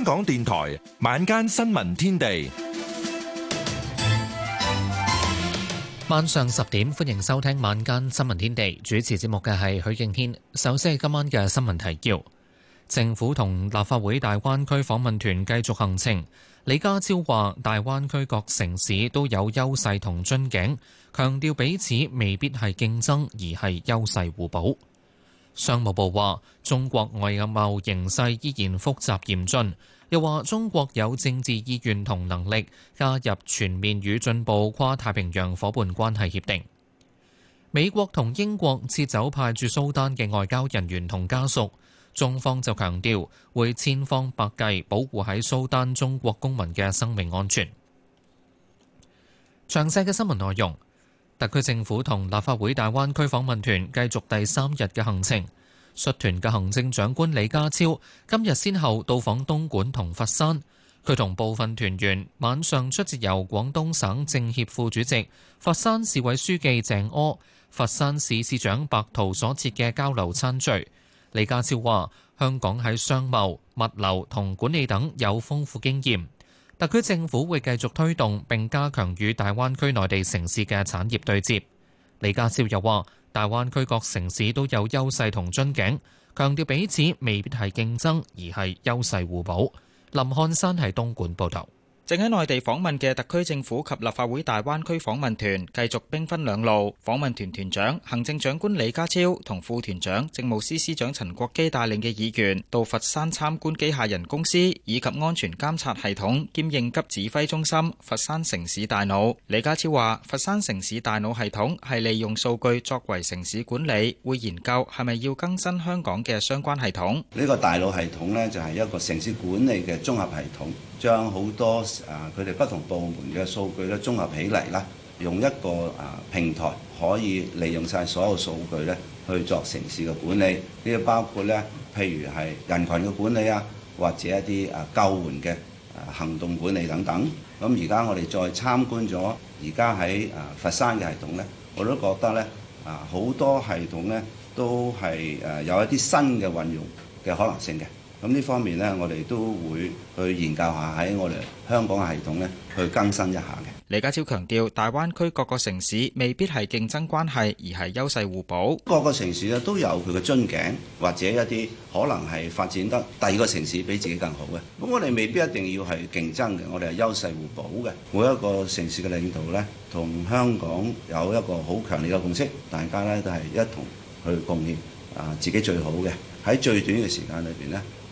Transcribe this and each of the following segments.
香港電台晚間新聞天地，晚上十點，歡迎收聽晚間新聞天地。主持節目嘅係許敬軒。首先係今晚嘅新聞提要：政府同立法會大灣區訪問團繼續行程。李家超話，大灣區各城市都有優勢同樽頸，強調彼此未必係競爭，而係優勢互補。商務部話，中國外貿形勢依然複雜嚴峻。又話，中國有政治意願同能力加入全面與進步跨太平洋夥伴關係協定。美國同英國撤走派駐蘇丹嘅外交人員同家屬，中方就強調會千方百計保護喺蘇丹中國公民嘅生命安全。詳細嘅新聞內容。特區政府同立法會大灣區訪問團繼續第三日嘅行程。率團嘅行政長官李家超今日先後到訪東莞同佛山。佢同部分團員晚上出席由廣東省政協副主席、佛山市委書記鄭柯、佛山市市長白濤所設嘅交流餐聚。李家超話：香港喺商貿、物流同管理等有豐富經驗。特區政府會繼續推動並加強與大灣區內地城市嘅產業對接。李家超又話，大灣區各城市都有優勢同樽頸，強調彼此未必係競爭，而係優勢互補。林漢山喺東莞報導。正喺內地訪問嘅特區政府及立法會大灣區訪問團繼續兵分兩路。訪問團團，團長行政長官李家超同副團長政務司司長陳國基帶領嘅議員到佛山參觀機械人公司，以及安全監察系統兼應急指揮中心——佛山城市大腦。李家超話，佛山城市大腦系統係利用數據作為城市管理，會研究係咪要更新香港嘅相關系統。呢個大腦系統呢，就係一個城市管理嘅綜合系統。將好多啊佢哋不同部門嘅數據咧綜合起嚟啦，用一個啊平台可以利用曬所有數據咧去作城市嘅管理，呢啲包括咧，譬如係人羣嘅管理啊，或者一啲啊救援嘅啊行動管理等等。咁而家我哋再參觀咗而家喺啊佛山嘅系統咧，我都覺得咧啊好多系統咧都係誒有一啲新嘅運用嘅可能性嘅。咁呢方面呢，我哋都會去研究下喺我哋香港嘅系統呢，去更新一下嘅。李家超強調，大灣區各個城市未必係競爭關係，而係優勢互補。各個城市呢都有佢嘅樽頸，或者一啲可能係發展得第二個城市比自己更好嘅。咁我哋未必一定要係競爭嘅，我哋係優勢互補嘅。每一個城市嘅領導呢，同香港有一個好強烈嘅共識，大家呢都係一同去貢獻啊自己最好嘅喺最短嘅時間裏面呢。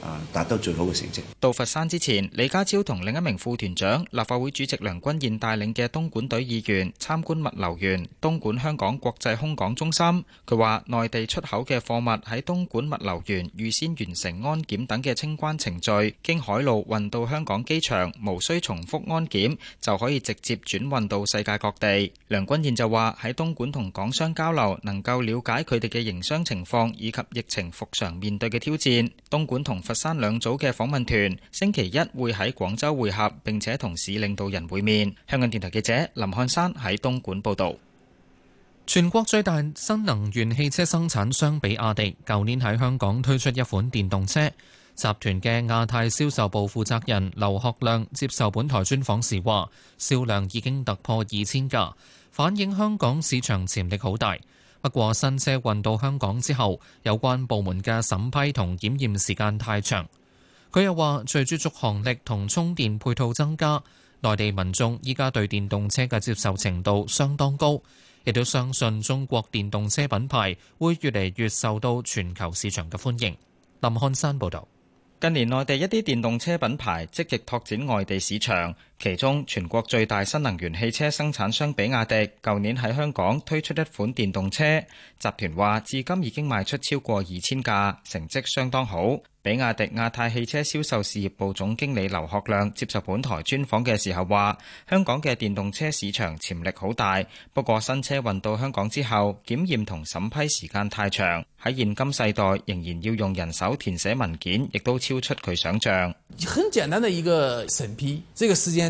啊！達到最好嘅成績。到佛山之前，李家超同另一名副團長、立法會主席梁君彥帶領嘅東莞隊議員參觀物流園、東莞香港國際空港中心。佢話：內地出口嘅貨物喺東莞物流園預先完成安檢等嘅清關程序，經海路運到香港機場，無需重複安檢，就可以直接轉運到世界各地。梁君彥就話：喺東莞同港商交流，能夠瞭解佢哋嘅營商情況以及疫情復常面對嘅挑戰。東莞同佛山兩組嘅訪問團星期一會喺廣州會合，並且同市領導人會面。香港電台記者林漢山喺東莞報道。全國最大新能源汽車生產商比亞迪，舊年喺香港推出一款電動車。集團嘅亞太銷售部負責人劉學亮接受本台專訪時話，銷量已經突破二千架，反映香港市場潛力好大。不過，新車運到香港之後，有關部門嘅審批同檢驗時間太長。佢又話，隨住續航力同充電配套增加，內地民眾依家對電動車嘅接受程度相當高，亦都相信中國電動車品牌會越嚟越受到全球市場嘅歡迎。林漢山報導。近年內地一啲電動車品牌積極拓展外地市場。其中，全國最大新能源汽車生產商比亞迪，舊年喺香港推出一款電動車，集團話至今已經賣出超過二千架，成績相當好。比亞迪亞太汽車銷售事業部總經理劉學亮亮接受本台專訪嘅時候話，香港嘅電動車市場潛力好大，不過新車運到香港之後，檢驗同審批時間太長，喺現今世代仍然要用人手填寫文件，亦都超出佢想象。很簡單的一個審批，這個時間。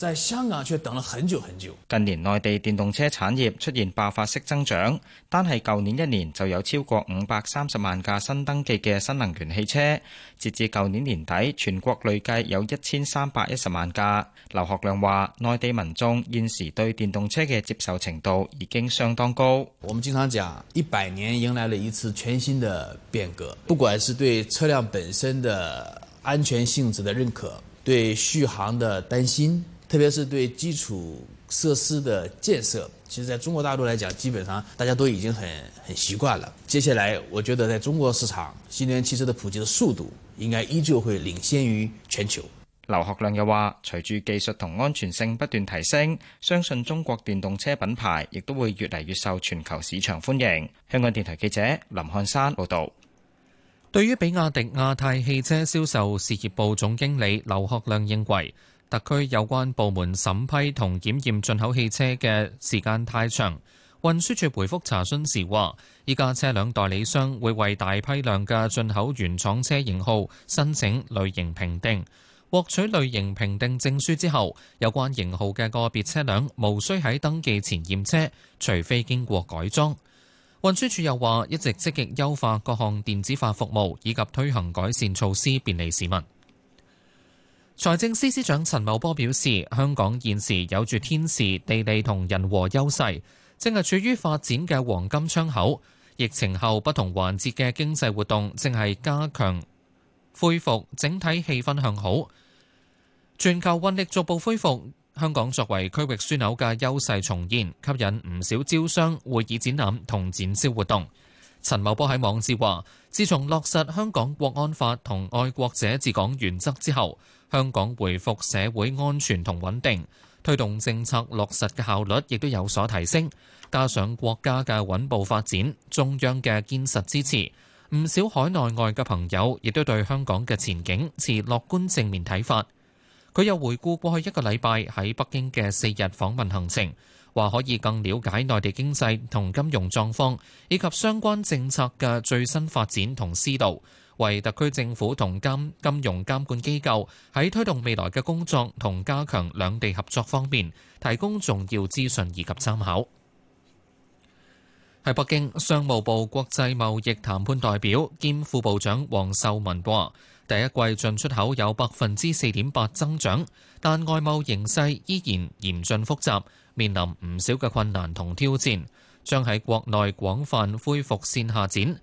在香港卻等了很久很久。近年，內地電動車產業出現爆發式增長，單係舊年一年就有超過五百三十萬架新登記嘅新能源汽車。截至舊年年底，全國累計有一千三百一十萬架。劉學亮話：內地民眾現時對電動車嘅接受程度已經相當高。我們經常講一百年，迎來了一次全新的變革。不管是對車輛本身的安全性質的認可，對續航的擔心。特別是對基礎設施的建設，其實在中國大陸來講，基本上大家都已經很很習慣了。接下來，我覺得在中國市場，新能源汽車的普及的速度應該依舊會領先於全球。劉學亮又話，隨住技術同安全性不斷提升，相信中國電動車品牌亦都會越嚟越受全球市場歡迎。香港電台記者林漢山報道。對於比亞迪亞太汽車銷售事業部總經理劉學亮認為：特區有關部門審批同檢驗進口汽車嘅時間太長，運輸處回覆查詢時話：依家車輛代理商會為大批量嘅進口原廠車型號申請類型評定，獲取類型評定證書之後，有關型號嘅個別車輛無需喺登記前驗車，除非經過改裝。運輸處又話一直積極優化各項電子化服務，以及推行改善措施，便利市民。財政司司長陳茂波表示，香港現時有住天時、地利同人和優勢，正係處於發展嘅黃金窗口。疫情後不同環節嘅經濟活動正係加強恢復，整體氣氛向好。全球運力逐步恢復，香港作為區域樞紐嘅優勢重現，吸引唔少招商、會議、展覽同展銷活動。陳茂波喺網誌話，自從落實香港國安法同愛國者治港原則之後。香港回復社會安全同穩定，推動政策落實嘅效率亦都有所提升。加上國家嘅穩步發展、中央嘅堅實支持，唔少海內外嘅朋友亦都對香港嘅前景持樂觀正面睇法。佢又回顧過去一個禮拜喺北京嘅四日訪問行程，話可以更了解內地經濟同金融狀況以及相關政策嘅最新發展同思路。為特區政府同監金融監管機構喺推動未來嘅工作同加強兩地合作方面提供重要資訊，以及參考。喺北京，商務部國際貿易談判代表兼副部長黃秀文話，第一季進出口有百分之四點八增長，但外貿形勢依然嚴峻複雜，面臨唔少嘅困難同挑戰，將喺國內廣泛恢復線下展。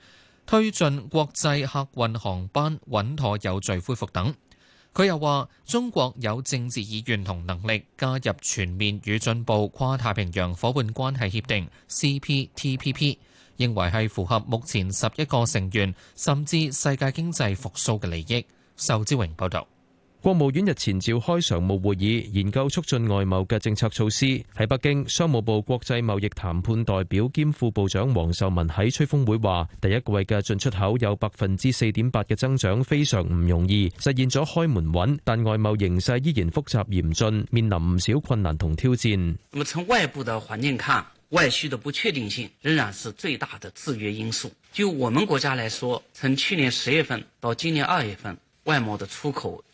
推進國際客運航班穩妥有序恢復等。佢又話：中國有政治意願同能力加入全面與進步跨太平洋夥伴關係協定 （CPTPP），認為係符合目前十一個成員甚至世界經濟復甦嘅利益。仇志榮報導。國務院日前召開常務會議，研究促進外貿嘅政策措施。喺北京，商務部國際貿易談判代表兼副部長王受文喺吹風會話：第一季嘅進出口有百分之四點八嘅增長，非常唔容易，實現咗開門穩。但外貿形勢依然複雜嚴峻，面臨唔少困難同挑戰。咁從外部的環境看，外需的不確定性仍然是最大的制約因素。就我們國家來說，從去年十月份到今年二月份，外貿的出口。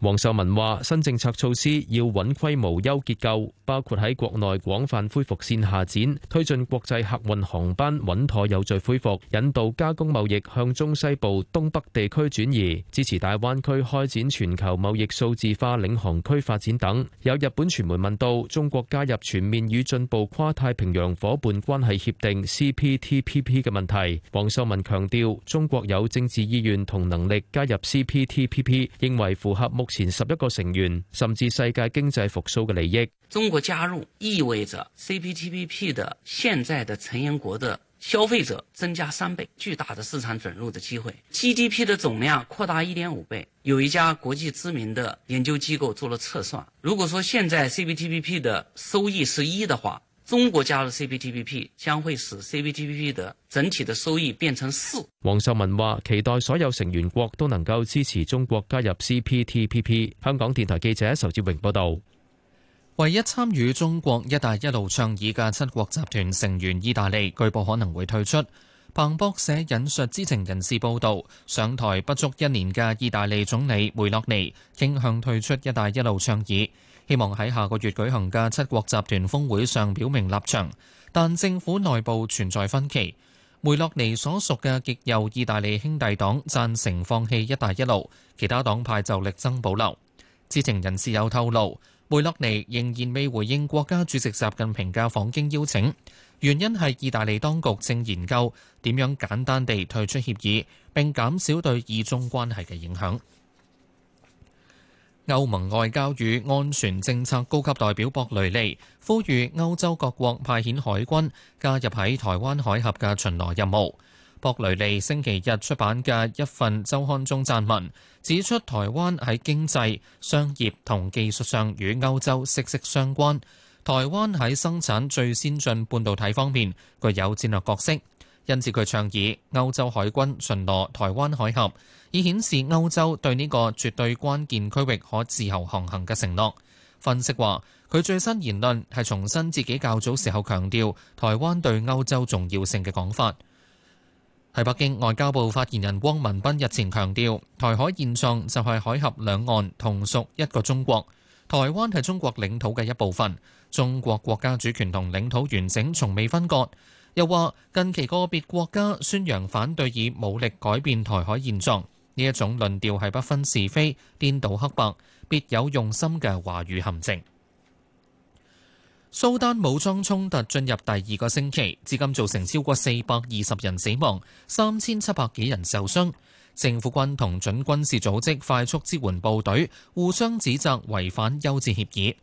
王秀文話：新政策措施要穩規模、優結構，包括喺國內廣泛恢復線下展，推進國際客運航班穩妥有序恢復，引導加工貿易向中西部、東北地區轉移，支持大灣區開展全球貿易數字化領航區發展等。有日本傳媒問到中國加入全面與進步跨太平洋伙伴關係協定 （CPTPP） 嘅問題，王秀文強調中國有政治意願同能力加入 CPTPP，認為符合目。前十一個成員甚至世界經濟復蘇嘅利益，中國加入意味着 CPTPP 的現在的成員國的消費者增加三倍，巨大的市場准入的機會，GDP 的總量擴大一點五倍。有一家國際知名的研究機構做了測算，如果說現在 CPTPP 的收益是一的話。中國加入 CPTPP 將會使 CPTPP 的整體的收益變成四。黃秀文話：期待所有成員國都能夠支持中國加入 CPTPP。香港電台記者仇志榮報導。唯一參與中國「一帶一路」倡議嘅七國集團成員意大利，據報可能會退出。彭博社引述知情人士報道，上台不足一年嘅意大利總理梅洛尼傾向退出「一帶一路」倡議。希望喺下個月舉行嘅七國集團峰會上表明立場，但政府內部存在分歧。梅洛尼所屬嘅極右意大利兄弟黨贊成放棄一帶一路，其他黨派就力爭保留。知情人士有透露，梅洛尼仍然未回應國家主席習近平嘅訪京邀請，原因係意大利當局正研究點樣簡單地退出協議，並減少對意中關係嘅影響。歐盟外交與安全政策高級代表博雷利呼籲歐洲各國派遣海軍加入喺台灣海峽嘅巡邏任務。博雷利星期日出版嘅一份周刊中撰文指出，台灣喺經濟、商業同技術上與歐洲息息相關，台灣喺生產最先進半導體方面具有戰略角色。因此，佢倡議歐洲海軍巡邏台灣海峽，以顯示歐洲對呢個絕對關鍵區域可自由航行嘅承諾。分析話，佢最新言論係重申自己較早時候強調台灣對歐洲重要性嘅講法。喺北京，外交部發言人汪文斌日前強調，台海現狀就係海峽兩岸同屬一個中國，台灣係中國領土嘅一部分，中國國家主權同領土完整從未分割。又話近期個別國家宣揚反對以武力改變台海現狀，呢一種論調係不分是非、顛倒黑白、別有用心嘅華語陷阱。蘇丹武裝衝突進入第二個星期，至今造成超過四百二十人死亡、三千七百幾人受傷。政府軍同準軍事組織快速支援部隊互相指責違反休戰協議。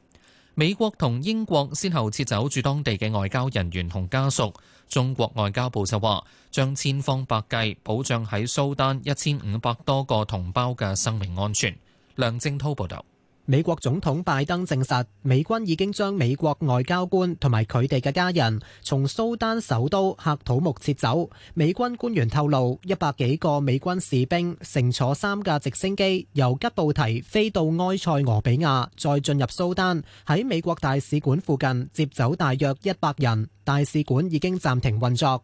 美國同英國先後撤走駐當地嘅外交人員同家屬，中國外交部就話將千方百計保障喺蘇丹一千五百多個同胞嘅生命安全。梁政濤報導。美國總統拜登證實，美軍已經將美國外交官同埋佢哋嘅家人從蘇丹首都喀土木撤走。美軍官員透露，一百幾個美軍士兵乘坐三架直升機，由吉布提飛到埃塞俄比亞，再進入蘇丹，喺美國大使館附近接走大約一百人。大使館已經暫停運作。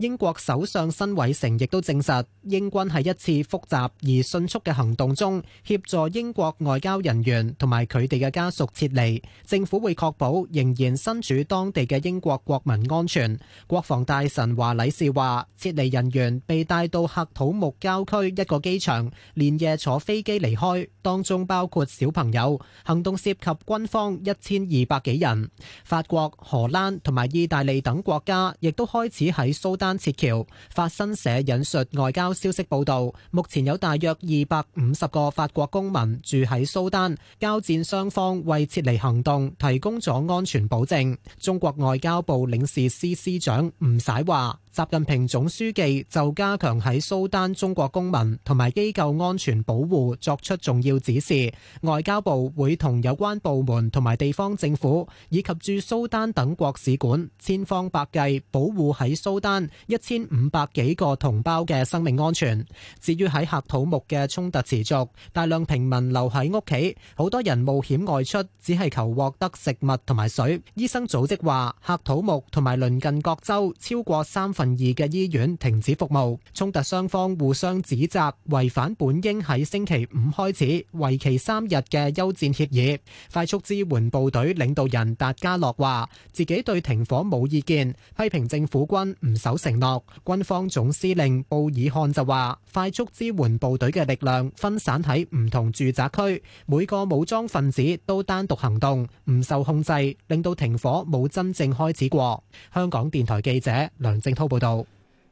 英國首相辛偉誠亦都證實，英軍喺一次複雜而迅速嘅行動中，協助英國外交人員同埋佢哋嘅家屬撤離。政府會確保仍然身處當地嘅英國國民安全。國防大臣華禮士話，撤離人員被帶到喀土穆郊區一個機場，連夜坐飛機離開，當中包括小朋友。行動涉及軍方一千二百幾人。法國、荷蘭同埋意大利等國家亦都開始喺蘇丹安撤僑，法新社引述外交消息報道，目前有大約二百五十個法國公民住喺蘇丹。交戰雙方為撤離行動提供咗安全保證。中國外交部領事司司長吳璽話。習近平總書記就加強喺蘇丹中國公民同埋機構安全保護作出重要指示，外交部會同有關部門同埋地方政府以及駐蘇丹等國使館，千方百計保護喺蘇丹一千五百幾個同胞嘅生命安全。至於喺喀土穆嘅衝突持續，大量平民留喺屋企，好多人冒險外出，只係求獲得食物同埋水。醫生組織話，喀土穆同埋鄰近各州超過三分二嘅醫院停止服務，衝突雙方互相指責違反本應喺星期五開始為期三日嘅休戰協議。快速支援部隊領導人達加洛話自己對停火冇意見，批評政府軍唔守承諾。軍方總司令布爾漢就話快速支援部隊嘅力量分散喺唔同住宅區，每個武裝分子都單獨行動，唔受控制，令到停火冇真正開始過。香港電台記者梁靜濤。報道，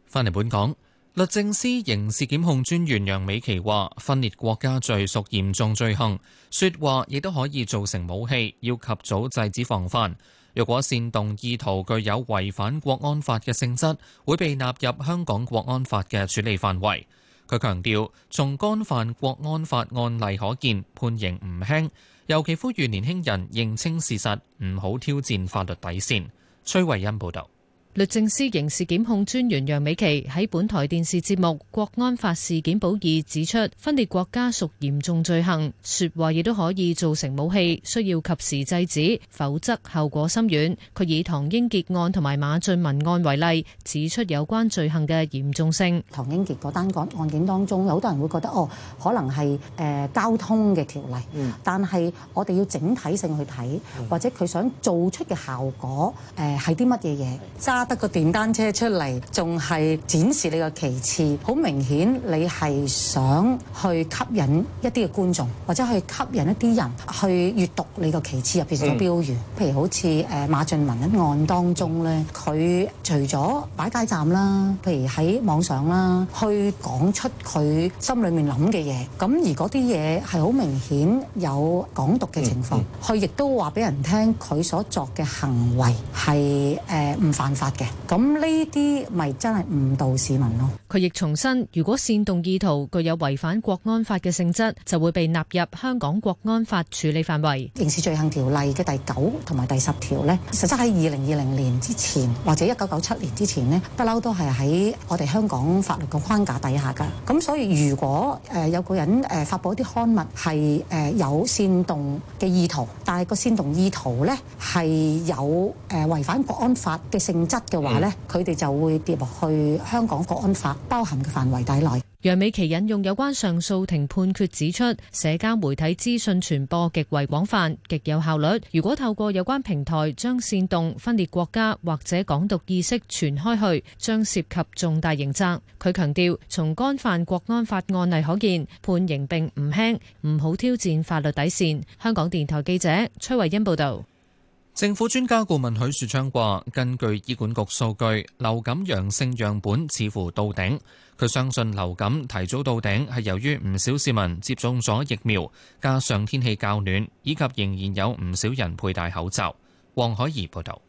翻嚟本港，律政司刑事檢控專員楊美琪話：分裂國家罪屬嚴重罪行，說話亦都可以造成武器，要及早制止防範。若果煽動意圖具有違反國安法嘅性質，會被納入香港國安法嘅處理範圍。佢強調，從干犯國安法案例可見，判刑唔輕，尤其呼籲年輕人認清事實，唔好挑戰法律底線。崔慧欣報道。律政司刑事檢控專員楊美琪喺本台電視節目《國安法事件簿二》指出，分裂國家屬嚴重罪行，說話亦都可以造成武器，需要及時制止，否則後果深遠。佢以唐英傑案同埋馬俊文案為例，指出有關罪行嘅嚴重性。唐英傑嗰單案件當中，有好多人會覺得哦，可能係、呃、交通嘅條例，嗯、但係我哋要整體性去睇、嗯，或者佢想做出嘅效果誒係啲乜嘢嘢？呃揸得個電單車出嚟，仲係展示你個旗幟，好明顯你係想去吸引一啲嘅觀眾，或者去吸引一啲人去閱讀你個旗幟入邊嘅標語。譬如好似誒馬俊文一案當中咧，佢除咗擺街站啦，譬如喺網上啦，去講出佢心裏面諗嘅嘢，咁而嗰啲嘢係好明顯有港獨嘅情況。佢亦都話俾人聽，佢所作嘅行為係誒唔犯法。嘅，咁呢啲咪真係誤導市民咯？佢亦重申，如果煽動意圖具有違反國安法嘅性質，就會被納入香港國安法處理範圍。刑事罪行條例嘅第九同埋第十條呢，實質喺二零二零年之前或者一九九七年之前呢，不嬲都係喺我哋香港法律嘅框架底下噶。咁所以，如果有個人誒發布一啲刊物係有煽動嘅意圖，但係個煽動意圖呢，係有誒違反國安法嘅性質。嘅話呢，佢哋就會跌落去香港國安法包含嘅範圍底內。楊美琪引用有關上訴庭判決指出，社交媒體資訊傳播極為廣泛、極有效率。如果透過有關平台將煽動分裂國家或者港獨意識傳開去，將涉及重大刑責。佢強調，從干犯國安法案例可見，判刑並唔輕，唔好挑戰法律底線。香港電台記者崔慧欣報導。政府專家顧問許樹昌話，根據醫管局數據，流感陽性樣本似乎到頂。佢相信流感提早到頂係由於唔少市民接種咗疫苗，加上天氣較暖，以及仍然有唔少人佩戴口罩。黃海怡報道。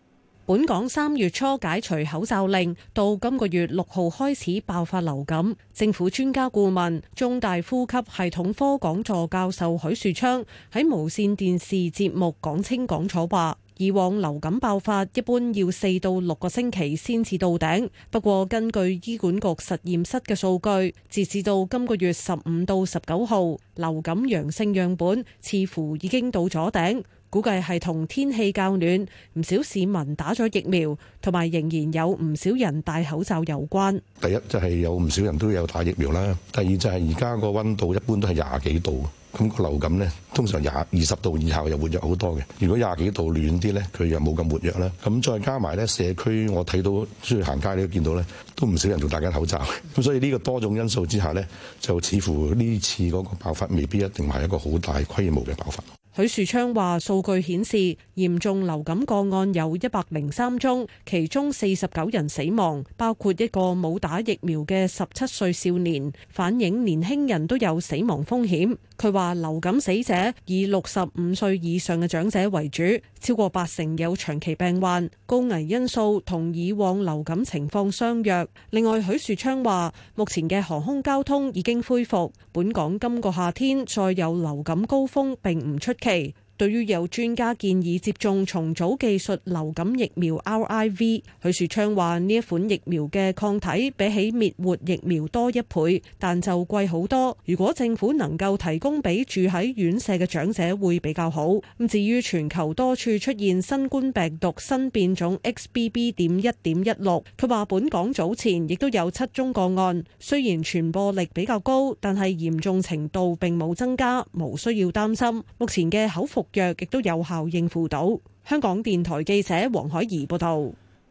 本港三月初解除口罩令，到今個月六號開始爆發流感。政府專家顧問、中大呼吸系統科講座教授許樹昌喺無線電視節目講清講楚話。以往流感爆發一般要四到六個星期先至到頂，不過根據醫管局實驗室嘅數據，截至到今個月十五到十九號，流感陽性樣本似乎已經到咗頂。估計係同天氣較暖、唔少市民打咗疫苗，同埋仍然有唔少人戴口罩有關。第一就係有唔少人都有打疫苗啦，第二就係而家個溫度一般都係廿幾度。咁個流感呢，通常廿二十度以下又活躍好多嘅。如果廿幾度暖啲呢，佢又冇咁活躍啦。咁再加埋呢社區我睇到出去行街都見到呢，都唔少人做戴緊口罩。咁所以呢個多種因素之下呢，就似乎呢次嗰個爆發未必一定係一個好大規模嘅爆發。許樹昌話：數據顯示嚴重流感個案有一百零三宗，其中四十九人死亡，包括一個冇打疫苗嘅十七歲少年，反映年輕人都有死亡風險。佢話流感死者以六十五歲以上嘅長者為主，超過八成有長期病患，高危因素同以往流感情況相若。另外，許樹昌話，目前嘅航空交通已經恢復，本港今個夏天再有流感高峰並唔出奇。對於有專家建議接種重組技術流感疫苗 RIV，許樹昌話呢一款疫苗嘅抗體比起滅活疫苗多一倍，但就貴好多。如果政府能夠提供俾住喺院舍嘅長者會比較好。咁至於全球多處出現新冠病毒新變種 XBB.1.16，佢話本港早前亦都有七宗個案，雖然傳播力比較高，但係嚴重程度並冇增加，無需要擔心。目前嘅口服若亦都有效應付到。香港電台記者黃海怡報道。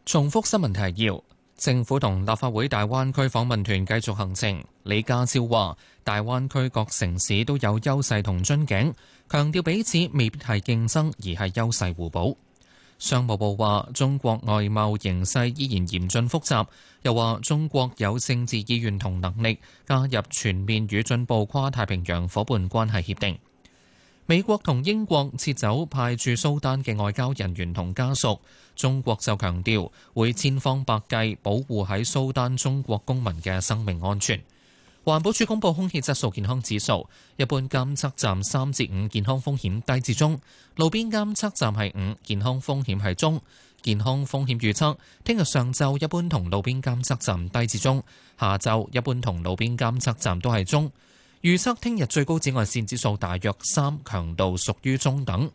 重複新聞提要：政府同立法會大灣區訪問團繼續行程。李家超話：大灣區各城市都有優勢同樽頸，強調彼此未必係競爭，而係優勢互補。商務部話：中國外貿形勢依然嚴峻複雜，又話中國有政治意願同能力加入全面與進步跨太平洋夥伴關係協定。美國同英國撤走派駐蘇丹嘅外交人員同家屬，中國就強調會千方百計保護喺蘇丹中國公民嘅生命安全。環保署公布空氣質素健康指數，一般監測站三至五健康風險低至中，路邊監測站係五，健康風險係中，健康風險預測，聽日上晝一般同路邊監測站低至中，下晝一般同路邊監測站都係中。預測聽日最高紫外線指數大約三，強度屬於中等。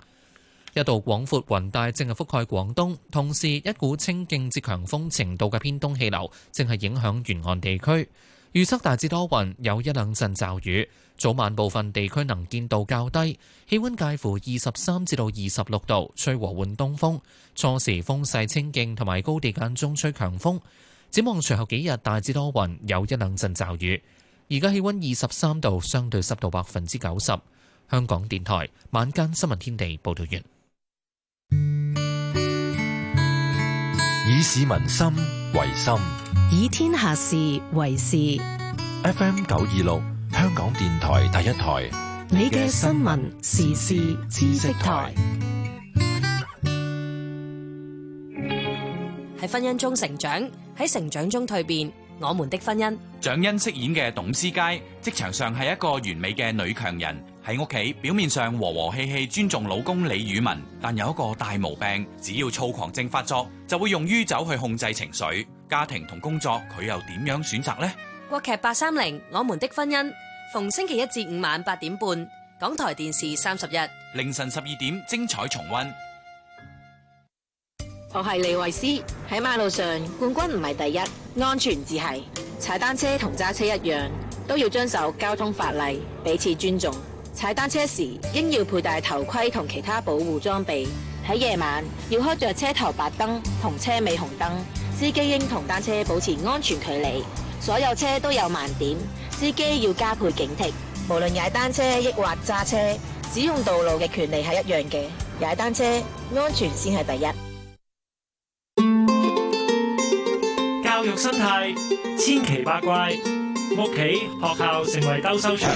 一道廣闊雲帶正係覆蓋廣東，同時一股清勁至強風程度嘅偏東氣流正係影響沿岸地區。預測大致多雲，有一兩陣驟雨。早晚部分地區能見度較低，氣溫介乎二十三至到二十六度，吹和緩東風。初時風勢清勁，同埋高地間中吹強風。展望隨後幾日，大致多雲，有一兩陣驟雨。而家氣溫二十三度，相對濕度百分之九十。香港電台晚間新聞天地報道完，以市民心為心，以天下事為事。FM 九二六，香港電台第一台，你嘅新聞時事知識台，喺婚姻中成長，喺成長中蛻變，我們的婚姻，蔣欣飾演嘅董思佳，職場上係一個完美嘅女強人，喺屋企表面上和和氣氣，尊重老公李宇文，但有一個大毛病，只要躁狂症發作，就會用酗酒去控制情緒。家庭同工作，佢又點樣選擇呢？國劇八三零我們的婚姻，逢星期一至五晚八點半，港台電視三十日凌晨十二點精彩重溫。我係李慧詩，喺馬路上冠軍唔係第一，安全至係。踩單車同揸車一樣，都要遵守交通法例，彼此尊重。踩單車時應要佩戴頭盔同其他保護裝備。喺夜晚要開着車頭白燈同車尾紅燈。司機應同單車保持安全距離。所有車都有盲點，司機要加倍警惕。無論踩單車抑或揸車，使用道路嘅權利係一樣嘅。踩單車安全先係第一。教育生態千奇百怪，屋企、學校成為鬥獸場。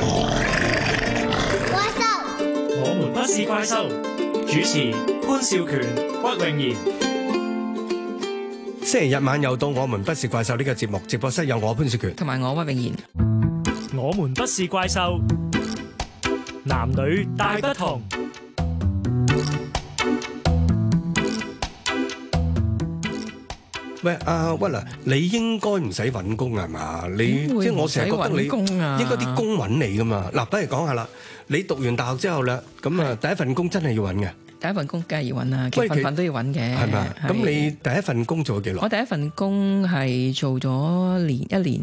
怪獸，我們不是怪獸。主持潘少權、屈永賢。星期日晚又到我們不是怪獸呢個節目，直播室有我潘少權，同埋我屈永賢。我們不是怪獸，男女大不同。喂，阿屈嗱，你應該唔使揾工啊，係嘛？你即係我成日覺得你揾工啊應該啲工揾你噶嘛。嗱，不如講下啦。你讀完大學之後咧，咁啊第一份工真係要揾嘅。第一份工梗係要揾啦，份份都要揾嘅。係咪？咁你第一份工做咗幾耐？我第一份工係做咗年一年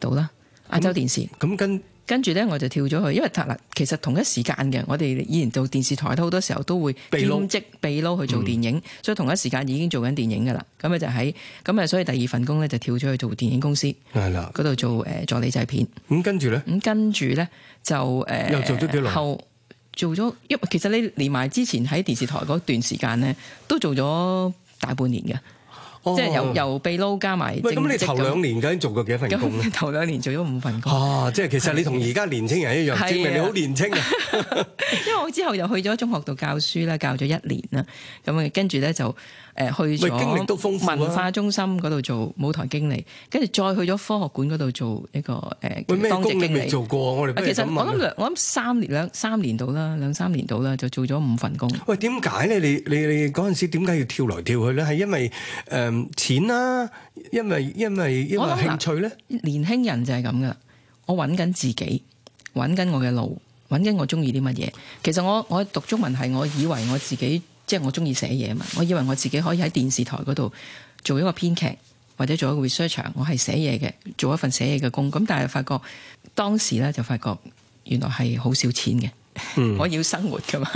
度啦，亞洲電視。咁跟。跟住咧，我就跳咗去，因為嗱，其實同一時間嘅，我哋以前做電視台，都好多時候都會兼職被撈去做電影、嗯，所以同一時間已經做緊電影噶啦。咁啊就喺咁啊，所以第二份工咧就跳咗去做電影公司。係啦，嗰度做誒助、呃、理製片。咁、嗯、跟住咧？咁跟住咧就誒、呃，又做咗幾耐？後做咗，因為其實你連埋之前喺電視台嗰段時間咧，都做咗大半年嘅。哦、即係由由被撈加埋，喂！咁你頭兩年究竟做過幾份工咧？頭兩年做咗五份工。嚇、啊！即係其實你同而家年青人一樣，證明你好年青、啊。 因為我之後又去咗中學度教書啦，教咗一年啦。咁啊，跟住咧就，誒去咗文化中心嗰度做舞台經理，跟住再去咗科學館嗰度做一個誒當值經理。咩工都做過，我哋其實我諗兩我諗三年兩三年度啦，兩三年度啦就做咗五份工。喂，點解咧？你你你嗰陣時點解要跳來跳去咧？係因為誒、嗯、錢啦、啊，因為因為因為我興趣咧。年輕人就係咁噶，我揾緊自己，揾緊我嘅路，揾緊我中意啲乜嘢。其實我我讀中文係我以為我自己。即係我中意寫嘢啊嘛，我以為我自己可以喺電視台嗰度做一個編劇或者做一個 researcher，我係寫嘢嘅，做一份寫嘢嘅工。咁但係發覺當時咧，就發覺原來係好少錢嘅、嗯，我要生活噶嘛。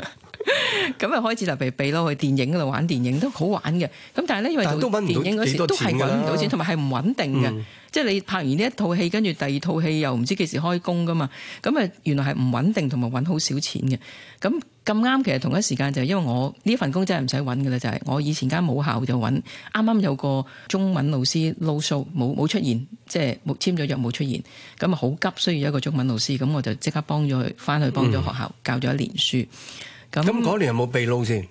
咁啊，開始就被俾咯去電影嗰度玩電影都好玩嘅。咁但係呢，因為做電影嗰時都係搵唔到錢，同埋係唔穩定嘅。即、嗯、係你拍完呢一套戲，跟住第二套戲又唔知幾時開工噶嘛。咁啊，原來係唔穩定，同埋搵好少錢嘅。咁咁啱，其實同一時間就係因為我呢份工真係唔使搵噶啦，就係、是、我以前間母校就搵。啱啱有個中文老師撈數冇冇出現，即係簽咗約冇出現。咁啊好急，需要一個中文老師，咁我就即刻幫咗佢翻去幫咗學校、嗯、教咗一年書。咁嗰年有冇秘撈先？